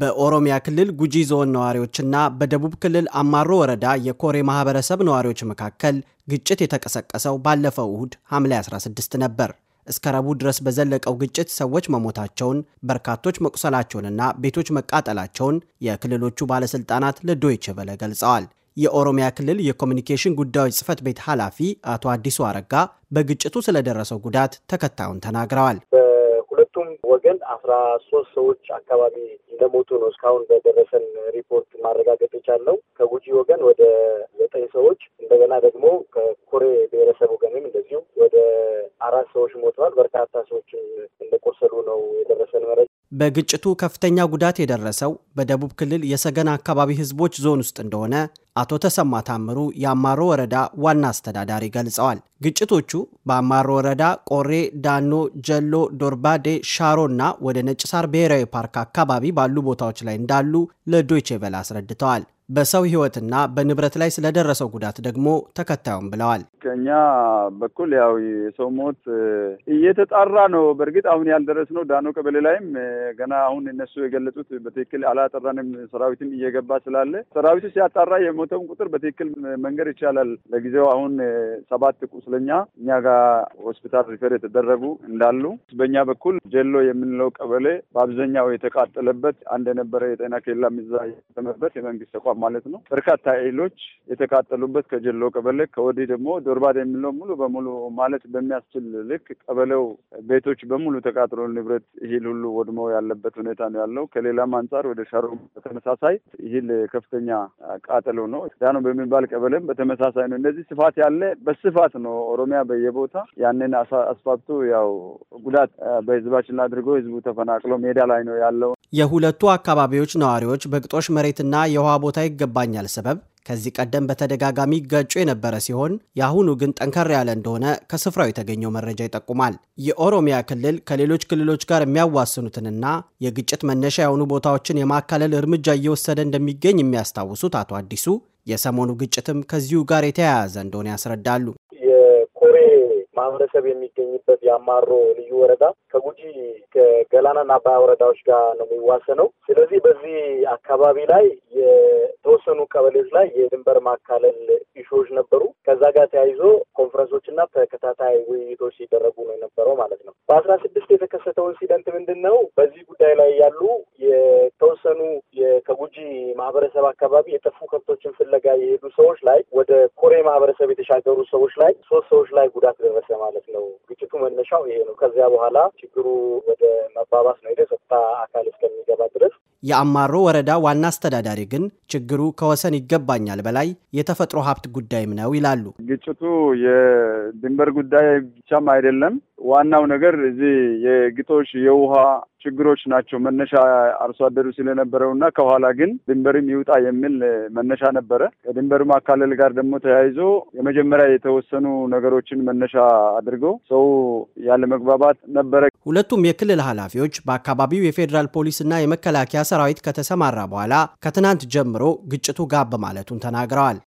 በኦሮሚያ ክልል ጉጂ ዞን ነዋሪዎችና በደቡብ ክልል አማሮ ወረዳ የኮሬ ማህበረሰብ ነዋሪዎች መካከል ግጭት የተቀሰቀሰው ባለፈው እሁድ ሐምሌ 16 ነበር። እስከ ረቡዕ ድረስ በዘለቀው ግጭት ሰዎች መሞታቸውን፣ በርካቶች መቁሰላቸውንና ቤቶች መቃጠላቸውን የክልሎቹ ባለሥልጣናት ለዶይቼ ቬለ ገልጸዋል። የኦሮሚያ ክልል የኮሚኒኬሽን ጉዳዮች ጽህፈት ቤት ኃላፊ አቶ አዲሱ አረጋ በግጭቱ ስለደረሰው ጉዳት ተከታዩን ተናግረዋል። በሁለቱም ወገን አስራ ሶስት ሰዎች አካባቢ እንደሞቱ ነው እስካሁን በደረሰን ሪፖርት ማረጋገጥ የቻለው። ከጉጂ ወገን ወደ ዘጠኝ ሰዎች እንደገና ደግሞ ከኩሬ ብሔረሰብ ወገንም እንደዚሁ ወደ አራት ሰዎች ሞተዋል። በርካታ ሰዎችም እንደቆሰሉ ነው የደረሰን መረጃ። በግጭቱ ከፍተኛ ጉዳት የደረሰው በደቡብ ክልል የሰገን አካባቢ ህዝቦች ዞን ውስጥ እንደሆነ አቶ ተሰማ ታምሩ የአማሮ ወረዳ ዋና አስተዳዳሪ ገልጸዋል። ግጭቶቹ በአማሮ ወረዳ ቆሬ፣ ዳኖ፣ ጀሎ፣ ዶርባዴ፣ ሻሮ እና ወደ ነጭ ሳር ብሔራዊ ፓርክ አካባቢ ባሉ ቦታዎች ላይ እንዳሉ ለዶይቼ ቬለ አስረድተዋል። በሰው ህይወትና በንብረት ላይ ስለደረሰው ጉዳት ደግሞ ተከታዩም ብለዋል። ከኛ በኩል ያው የሰው ሞት እየተጣራ ነው። በእርግጥ አሁን ያልደረስ ነው ዳኖ ቀበሌ ላይም ገና አሁን እነሱ የገለጹት በትክክል አላጠራንም። ሰራዊትም እየገባ ስላለ ሰራዊቱ ሲያጣራ የሞተውን ቁጥር በትክክል መንገድ ይቻላል። ለጊዜው አሁን ሰባት ቁስለኛ እኛ ጋር ሆስፒታል ሪፈር የተደረጉ እንዳሉ፣ በእኛ በኩል ጀሎ የምንለው ቀበሌ በአብዛኛው የተቃጠለበት አንድ የነበረ የጤና ኬላ የሚዛ የተመበት የመንግስት ተቋም ማለት ነው። በርካታ እህሎች የተቃጠሉበት ከጀሎ ቀበሌ ከወዲህ ደግሞ ዶርባድ የሚለው ሙሉ በሙሉ ማለት በሚያስችል ልክ ቀበሌው ቤቶች በሙሉ ተቃጥሎ ንብረት እህል ሁሉ ወድሞ ያለበት ሁኔታ ነው ያለው። ከሌላም አንጻር ወደ ሻሮ በተመሳሳይ እህል ከፍተኛ ቃጠሎ ነው። ዳኖ በሚባል ቀበሌም በተመሳሳይ ነው። እነዚህ ስፋት ያለ በስፋት ነው። ኦሮሚያ በየቦታ ያንን አስፋብቶ ያው ጉዳት በህዝባችን አድርጎ ህዝቡ ተፈናቅሎ ሜዳ ላይ ነው ያለው። የሁለቱ አካባቢዎች ነዋሪዎች በግጦሽ መሬትና የውሃ ቦታ ይገባኛል ሰበብ ከዚህ ቀደም በተደጋጋሚ ገጩ የነበረ ሲሆን የአሁኑ ግን ጠንከር ያለ እንደሆነ ከስፍራው የተገኘው መረጃ ይጠቁማል። የኦሮሚያ ክልል ከሌሎች ክልሎች ጋር የሚያዋስኑትንና የግጭት መነሻ የሆኑ ቦታዎችን የማካለል እርምጃ እየወሰደ እንደሚገኝ የሚያስታውሱት አቶ አዲሱ የሰሞኑ ግጭትም ከዚሁ ጋር የተያያዘ እንደሆነ ያስረዳሉ። ማህበረሰብ የሚገኝበት የአማሮ ልዩ ወረዳ ከጉጂ ከገላናና አባያ ወረዳዎች ጋር ነው የሚዋሰነው። ስለዚህ በዚህ አካባቢ ላይ የተወሰኑ ቀበሌዎች ላይ የድንበር ማካለል ኢሹዎች ነበሩ። ከዛ ጋር ተያይዞ ኮንፈረንሶች እና ተከታታይ ውይይቶች ሲደረጉ ነው የነበረው ማለት ነው። በአስራ ስድስት የተከሰተው ኢንሲደንት ምንድን ነው? በዚህ ጉዳይ ላይ ያሉ የተወሰኑ ከጉጂ ማህበረሰብ አካባቢ የጠፉ ከብቶችን ፍለጋ የሄዱ ሰዎች ላይ ወደ ኮሬ ማህበረሰብ የተሻገሩ ሰዎች ላይ ሶስት ሰዎች ላይ ጉዳት ደረሰ ማለት ነው። ግጭቱ መነሻው ይሄ ነው። ከዚያ በኋላ ችግሩ ወደ መባባስ ነው ሄደ ጸጥታ አካል እስከሚገባ ድረስ የአማሮ ወረዳ ዋና አስተዳዳሪ ግን ችግሩ ከወሰን ይገባኛል በላይ የተፈጥሮ ሀብት ጉዳይም ነው ይላሉ። ግጭቱ የድንበር ጉዳይ ብቻም አይደለም። ዋናው ነገር እዚህ የግጦሽ የውሃ ችግሮች ናቸው መነሻ አርሶ አደሩ ስለነበረው እና ከኋላ ግን ድንበርም ይውጣ የሚል መነሻ ነበረ። ከድንበር አካለል ጋር ደግሞ ተያይዞ የመጀመሪያ የተወሰኑ ነገሮችን መነሻ አድርገው ሰው ያለ መግባባት ነበረ። ሁለቱም የክልል ኃላፊዎች በአካባቢው የፌዴራል ፖሊስና የመከላከያ ሰራዊት ከተሰማራ በኋላ ከትናንት ጀምሮ ግጭቱ ጋብ ማለቱን ተናግረዋል።